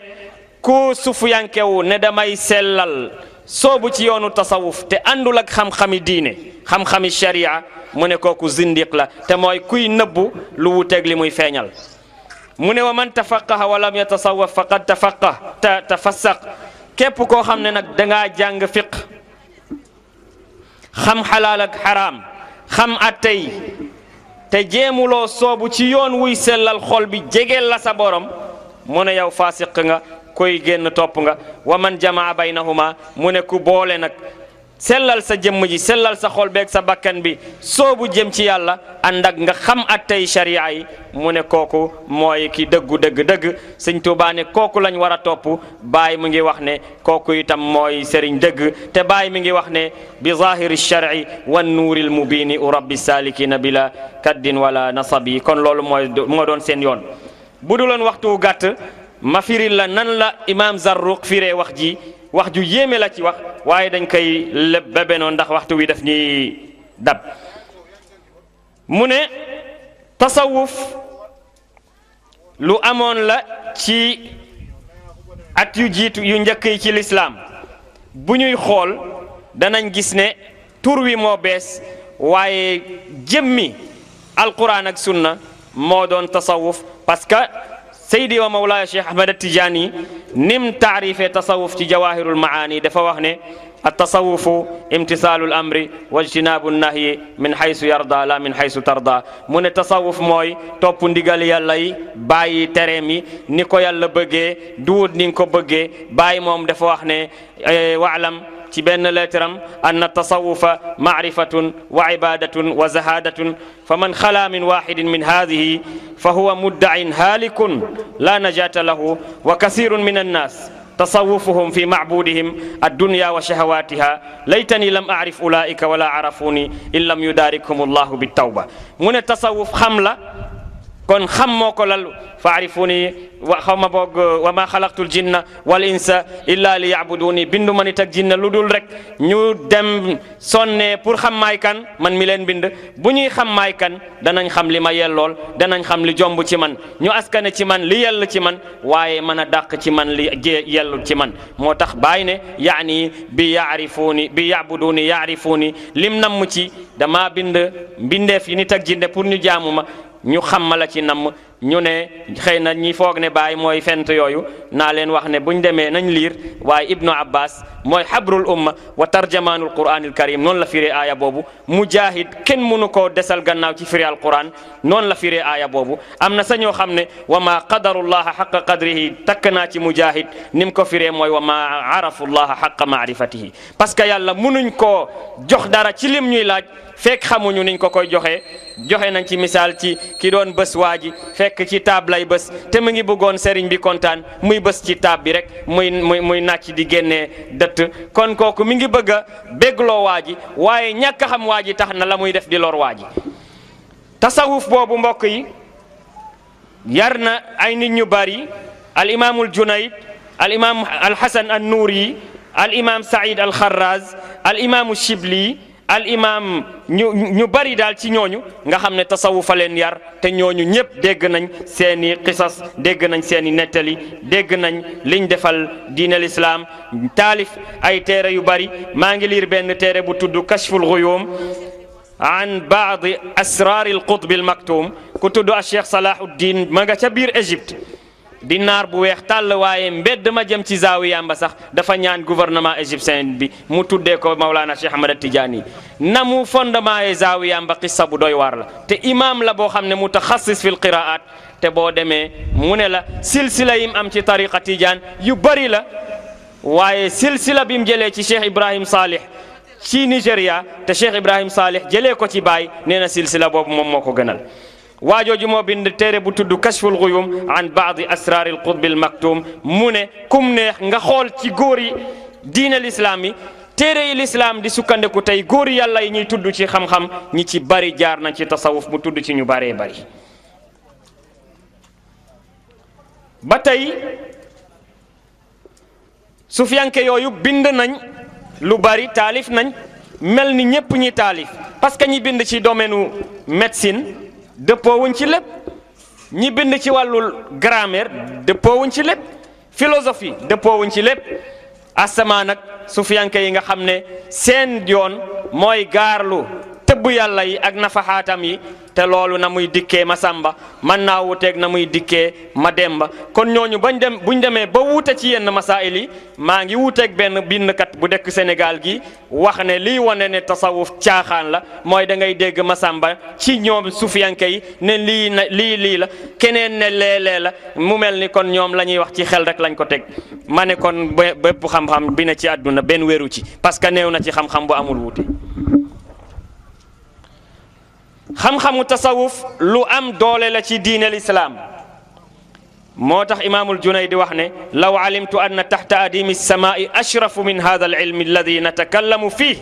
ku sufuyankewu damay sellal soobu ci yoonu tasawuf te àndul ak xam-xami diine xam-xami sharia mu ne kooku zindiq la te mooy kuy nëbbu lu wuteeg li muy feeñal mu ne wa man tafaqaha wa lam yatasawaf faqad tafaqah ta tafassaq képp koo xam ne nag dangaa jàng fiq xam xalaal xaraam xam attey te jéemuloo soobu ci yoon wuy sellal xol bi jegeel la sa borom mu ne yow faasiq nga koy génn topp nga wa man jamaa baynahuma mu ne ku boole nag sellal sa jëmm ji sellal sa xol beeg sa bakkan bi soobu jëm ci yàlla ànd ak nga xam at tey sharia yi mu ne kooku mooy ki dëggu dëgg dëgg sëñ Tuubaa kooku lañ war a topp baay mu ngi wax ne kooku itam mooy sëriñ dëgg te baay mi ngi wax ne bi zahiri shar'i wan nuuril mubiini u rabbi salikiina bila kaddin wala nasabi kon loolu mooy doon seen yoon bu du loon waxtu gàtt ma firil la nan la imam Zarruq firee wax ji wax ju yéeme la ci wax waaye dañ koy leb bébénoo ndax waxtu wi daf ñuy dab mu ne tasawuf lu amoon la ci at yu jiitu yu njëkk yi ci lislaam bu ñuy xool danañ gis ne tur wi moo bees waaye jëmmi alquran ak sunna moo doon tasawuf parce saydi wa mawlaaya cheikh ahmad tijaani nim taarifee tasawuf ci jawahirul maani dafa wax ne altasawufu imtisaalu l amri wa jtinaabu nahyi min xaysu yarda la min xaysu tarda mu ne tasawuf mooy topp ndigal yàlla yi bàyyi tereem yi ni ko yàlla bëggee duwut ni nga ko bëggee bàyyi moom dafa wax ne waalam ci benn leetaram anna tasawufa macrifatun wa cibadatun wa zahadatun fa man xalaa min waxidin min hadihi fa huwa muddacin haalikun la najata lahu wa kasirun min annaas tasawufuhum fi macbudihim addunya wa shahawatiha laytani lam acrif ulaika wala carafuni in lam yudaarikhum allahu bitawba mu ne tasawuf xam la kon xam moo ko lal faarifuni wa xaw ma boog wa ma xalaqtul jinna wal insa illa li yabuduni bindu ma nit ak jinna lu dul rek ñu dem sonne pour xam maay kan man mi leen bind bu ñuy xam maay kan danañ xam li ma yellool danañ xam li jomb ci man ñu askane ci man li yell ci man waaye mën a dàq ci man li yell ci man moo tax bàyyi ne yaani bi yaarifuni bi yabuduni yaarifuni lim mu ci dama bind mbindeef yi nit ak jinne pour ñu jaamu ma ñu xam ma la ci namm ñu ne xëy na ñi foog ne baay mooy fent yooyu naa leen wax ne buñ demee nañ liir waaye ibnu abbas mooy xabrul umma wa tarjamaanul quraanil karim noonu la firee aaya boobu mujahid kenn mënu koo desal gannaaw ci firee alquran noonu la firee aaya boobu am na sa ñoo xam ne wa maa qadarullaha xaqa qadrihi takk naa ci mujahid ni mu ko firee mooy wa maa arafullaha xaqa maarifatihi parce que yàlla mënuñ koo jox dara ci lim ñuy laaj fekk xamuñu niñ ko koy joxe joxe nañ ci misaal ci ki doon bës waa ji fekk ci taab lay bës te mu ngi bëggoon sëriñ bi kontaan muy bës ci taab bi rek muy muy muy nàcc di génne dëtt kon kooku mi ngi bëgg a bégloo ji waaye ñàkk xam waa ji tax na la muy def di lor waa ji tasawuf boobu mbokk yi yar na ay nit ñu bari al imaamul Junayd al imaam al Hasan an al imaam Saïd al Kharraz al imaamu Shibli. al ñu bari daal ci ñooñu nga xam ne tasawufa leen yar te ñooñu ñëpp dégg nañ seeni qisas dégg nañ seeni nettali dégg nañ liñ defal diine lislaam taalif ay téere yu bari maa ngi liir benn téere bu tudd kashful ghuyum an baadi asraari al qutbi al maktum ku tudd al cheikh salahuddin ma nga ca biir Égypte di naar bu weex tàll waaye mbedd ma jem ci zaawiyam ba sax dafa ñaan gouvernement égyptien bi mu tuddee ko Maulana Cheikh Ahmad Tidiane na mu fondement ye zaawiyam ba xissa bu doy waar la te imaam la boo xam ne mutaxassis fil qiraat te boo demee mu ne la silsila yim am ci tariqa Tidiane yu bari la waaye silsila bim jëlee ci Cheikh Ibrahim Salih ci Nigéria te Cheikh Ibrahim Salih jëlee ko ci baay nee na silsila boobu moom moo ko gënal. waajooju moo bind téere bu tudd kashful xuyum an baadi asraaril qutbil maktum mu ne kum neex nga xool ci góor yi diine lislaam yi téere yi lislaam di sukkandiku tey góor yàlla yi ñuy tudd ci xam-xam ñi ci bari jaar nañ ci tasawuf mu tudd ci ñu baree bari ba tey sufiyanke yooyu bind nañ lu bari taalif nañ mel ni ñépp ñi taalif parce que ñi bind ci domaine u dëppoowuñ ci lépp ñi bind ci wàllul grammaire dëppoowuñ ci lépp philosophie dëppoowuñ ci lépp asamaan ak sufiyanke yi nga xam ne seen yoon mooy gaarlu rëbb yàlla yi ak nafaxaatam yi te loolu na muy dikkee ma sàmba man naa wuuteeg na muy dikkee ma demba kon ñooñu bañ dem buñ demee ba wuute ci yenn masaayil yi maa ngi wuuteeg benn bindkat bu dëkk Sénégal gi wax ne lii wane ne tasawuf caaxaan la mooy da ngay dégg ma sàmba ci ñoom sufiyanke yi ne lii na lii lii la keneen ne lee-lee la mu mel ni kon ñoom la ñuy wax ci xel rek lañ ko teg ma ne kon bépp xam-xam bi ne ci àdduna benn wéru ci parce que néew na ci xam bu amul wuute xam-xamu tasawuf lu am doole la ci diinal islaam moo tax imaamul junay di wax ne law alimtu anna taxta adimi samaai ashrafu min hada al ilmi alladi natakallamu fii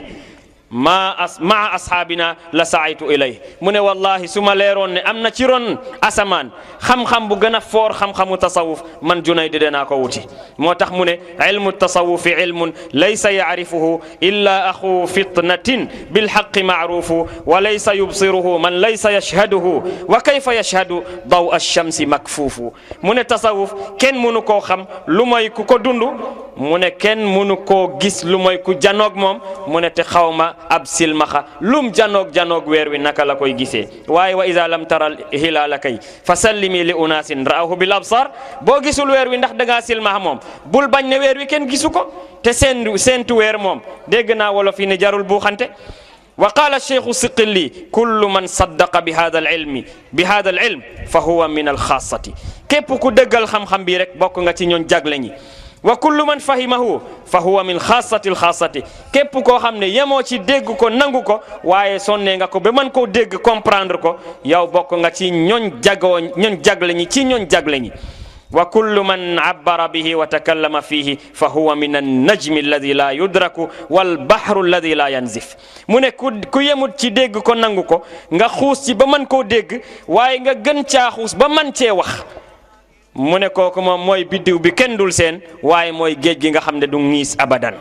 maa as maa asxaabina la saaytu ilay mu ne wallahi su ma leeroon ne am na ci ron asamaan xam-xam bu gën a foor xam-xamu tasawuf man junay di danaa ko wuti moo tax mu ne ilmu tasawufi ilmun laysa yaarifuhu illa axu fitnatin bilxaqi maarufu wa laysa yubsiruhu man laysa yashhaduhu wa kayfa yashhadu daw alchamsi makfuufu mu ne tasawuf kenn munu koo xam lu moy ku ko dund mu ne kenn munu koo gis lu moy ku janoog moom mu ne te xawma ab silmaxa lum janoog janoog weer wi naka la koy gisee waaye wa iza lam taral hilaala kay fa sallimi li unaasin ra'ahu bil absar boo gisul weer wi ndax dangaa silmaxa moom bul bañ ne weer wi kenn gisu ko te seen seentu weer moom dégg naa wolof yi ne jarul buuxante wa qaala cheikhu siqilli kullu man saddaqa bi hada al ilmi bi hada al ilm fa huwa min alxaasati képp ku dëggal xam-xam bi rek bokk nga ci ñoon jagle ñi wa kullu man fahimahu fa huwa min xaasatil xaasati képp koo xam ne yemoo ci dégg ko nangu ko waaye sonne nga ko ba man koo dégg comprendre ko yow bokk nga ci ñoñ jagoo ñoñ jagle ñi ci ñoñ jagle ñi wa kullu man abbara bihi wa takallama fihi fa huwa min annajmi alladi la yudraku wal bahru alladi la yanzif mu ne ku yemu ci dégg ko nangu ko nga xuus ci ba mën koo dégg waaye nga gën caa xuus ba man cee wax mu ne kooku moom mooy biddiw bi kenn dul séen waaye mooy géej gi nga xam ne du ngiis abadan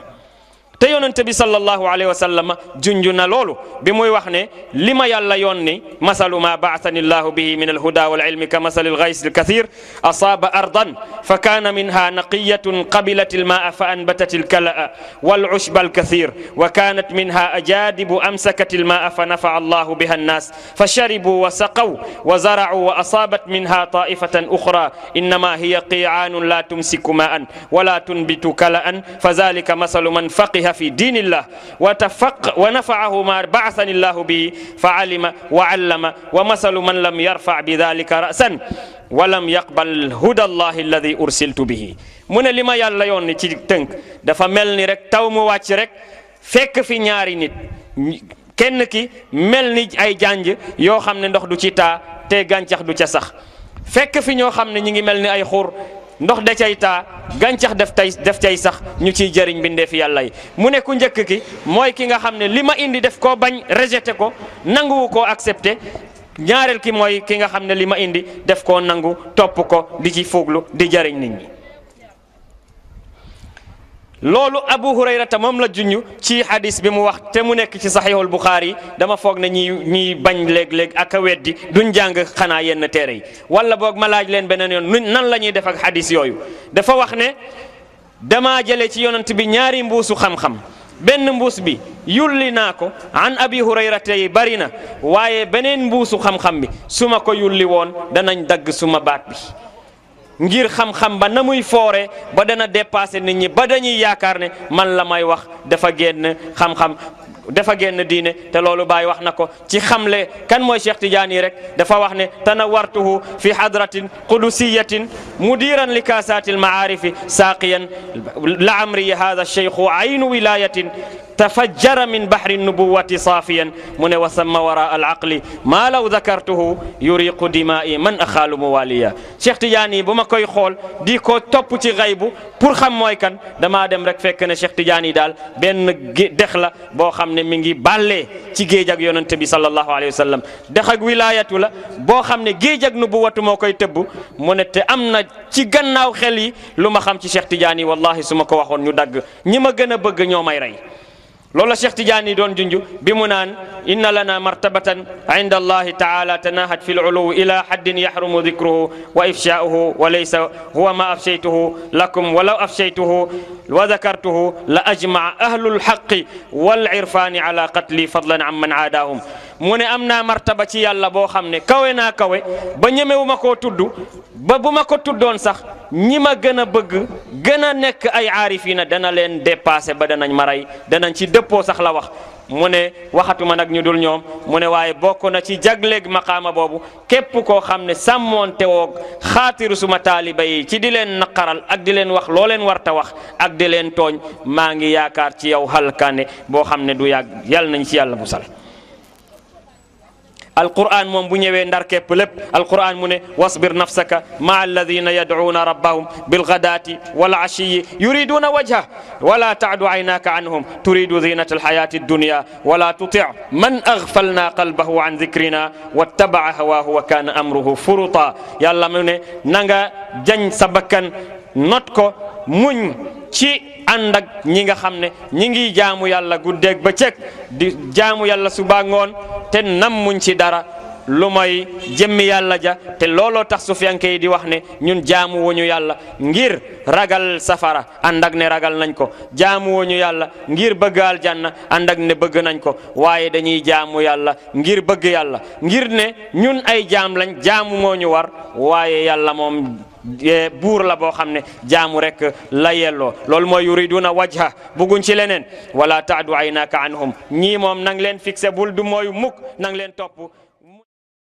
te yonente bi sallallahu alayhi wa sallam junju na loolu bi muy wax ne li ma yàlla yónni masalu ma baasani llahu bihi min alhuda walilmi ka masali lgays alkathir asaaba ardan fa kaana minha naqiyatun qabilat almaa fa anbatat alkalaa walushba alkathir wa kaanat minha ajadibu amsakat almaa fa nafaa llahu biha annas fa sharibuu wa saqaw wa zaracuu wa asaabat minha taifatan uxra innama hiya qicaanun la tumsiku maan wala tunbitu kalaan fa zalika masalu man faqiha فقه في دين الله وتفق ونفعه ما بعثني الله به فعلم وعلم ومثل من لم يرفع بذلك رأسا walam yaqbal huda allahi alladi ursiltu bihi mu ne li ma yàlla yoon ci tënk dafa mel ni rek taw mu wàcc rek fekk fi ñaari nit kenn ki mel ni ay jànj yoo xam ne ndox du ci taa te gàncax du ca sax fekk fi ñoo xam ne ñi ngi mel ni ay xur ndox de cay taa gàncax def tey def cay sax ñu ciy jariñ mbindeef yàlla yi mu ne ku njëkk ki mooy ki nga xam ne li ma indi def koo bañ rejeté ko nanguwu koo accepté ñaareel ki mooy ki nga xam ne li ma indi def koo nangu topp ko di ci fooglu di jariñ nit ñi loolu abu hurayrata moom la junj ci hadis bi mu wax te mu nekk ci saxiixul buxaari dama foog na ñi ñiy bañ léeg-léeg ak a weddi duñ jàng xanaa yenn téere yi wala boog ma laaj leen beneen yoon nan la ñuy def ak yooyu dafa wax ne dama jëlee ci yonant bi ñaari mbuusu xam-xam benn mbuus bi yulli naa ko an abi hurayrata yi bari na waaye beneen mbuusu xam-xam bi su ma ko yulli woon danañ dagg suma baat bi ngir xam-xam ba na muy foore ba dana dépasser nit ñi ba dañuy yaakaar ne man la may wax dafa génn xam-xam dafa génn diine te loolu Baay wax na ko ci xamle kan mooy Cheikh Tidiane yi rek dafa wax ne tanawartuhu fi hadratin qudusiyatin mudiran li kaasati almaarifi saaqiyan la amri hada cheikhu aynu wilayatin tafajjara min bahri nubuwati saafiyan mu ne wa samma wara alaqli maa law dakartuhu yuriqu dimaai man axaalu muwaliya Cheikh Tidiane yi bu ma koy xool di ko topp ci xaybu pour xam mooy kan damaa dem rek fekk ne Cheikh Tidiane yi daal benn dex la boo xam ne mi ngi bàllee ci géej ak yonente bi sallallahu alayhi wa sallam dex ak wilaayatu la boo xam ne géej ak nubuwatu moo koy tëbb mu ne te am na ci gannaaw xel yi lu ma xam ci Cheikh Tidiane yi wallahi su ma ko waxoon ñu dagg ñi ma gën a bëgg ñoo may rey loolu la Cheikh Tidiane doon junj bi mu naan inna lana martabatan inda allahi taala tanahaj fi luluwi ila haddin yahrumu dikruhu wa ifshauhu wa laysa huwa ma afshaytuhu lakum walaw afshaytuhu wa dakartuhu la ajmaa ahlu lxaqi wal irfani ala qatli fadlan an man aadahum mu ne am naa martaba ci yàlla boo xam ne kawe naa kawe ba ñemewuma koo tudd ba bu ma ko tuddoon sax ñi ma gën a bëgg gën a nekk ay aarifiina dana leen dépassé ba danañ ma rey danañ ci dëppoo sax la wax mu ne waxatuma nag ñu dul ñoom mu ne waaye bokk na ci jagleeg maqaama boobu képp koo xam ne sàmmoonte woog xaatiru suma taaliba yi ci di leen naqaral ak di leen wax loo leen warta wax ak di leen tooñ maa ngi yaakaar ci yow halkaane boo xam ne du yàgg yàlla nañ ci yàlla bu sal alquran moom bu ñëwee ndar képp lépp alquran mu ne wasbir nafsaka maa alladina yadcuuna rabbahum bilgadaati walcachiyi yuriduuna wajha wala tacdu aynaka anhum turidu zinata alxayaati addunya wala tutic man agfalna qalbahu an dikrina wattabaca hawaahu wa kaana amruhu furuta yàlla mu ne nanga jañ sa bakkan not ko muñ ci ànd ñi nga xam ne ñi ngi jaamu yàlla guddeeg bëccëg di jaamu yàlla suba ngoon te nammuñ ci dara lu mooy jëmmi yàlla ja te looloo tax sufiyanke yi di wax ne ñun jaamu wuñu yàlla ngir ragal safara ànd ak ne ragal nañ ko jaamu wuñu yàlla ngir bëgg aljanna ànd ak ne bëgg nañ ko waaye dañuy jaamu yàlla ngir bëgg yàlla ngir ne ñun ay jaam lañ jaamu moo ñu war waaye yàlla moom e, buur la boo xam ne jaamu rek la yelloo loolu mooy yuriduna wajha bugguñ ci leneen wala taadu aynaka anhum ñii moom nang leen fixé bul du mooyu mukk nang leen topp